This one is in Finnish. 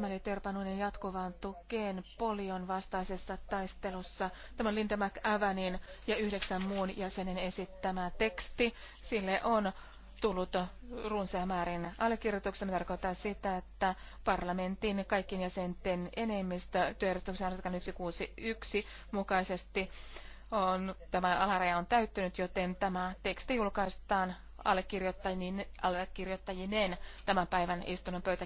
Tämä oli Törpanunen jatkuvaan tukeen polion vastaisessa taistelussa. Tämä on Linda McAvanin ja yhdeksän muun jäsenen esittämä teksti. Sille on tullut runsaan määrin allekirjoituksia. Tämä tarkoittaa sitä, että parlamentin kaikkien jäsenten enemmistö työjärjestyksen artiklan 161 mukaisesti on, tämä alaraja on täyttynyt, joten tämä teksti julkaistaan allekirjoittajineen tämän päivän istunnon pöytä.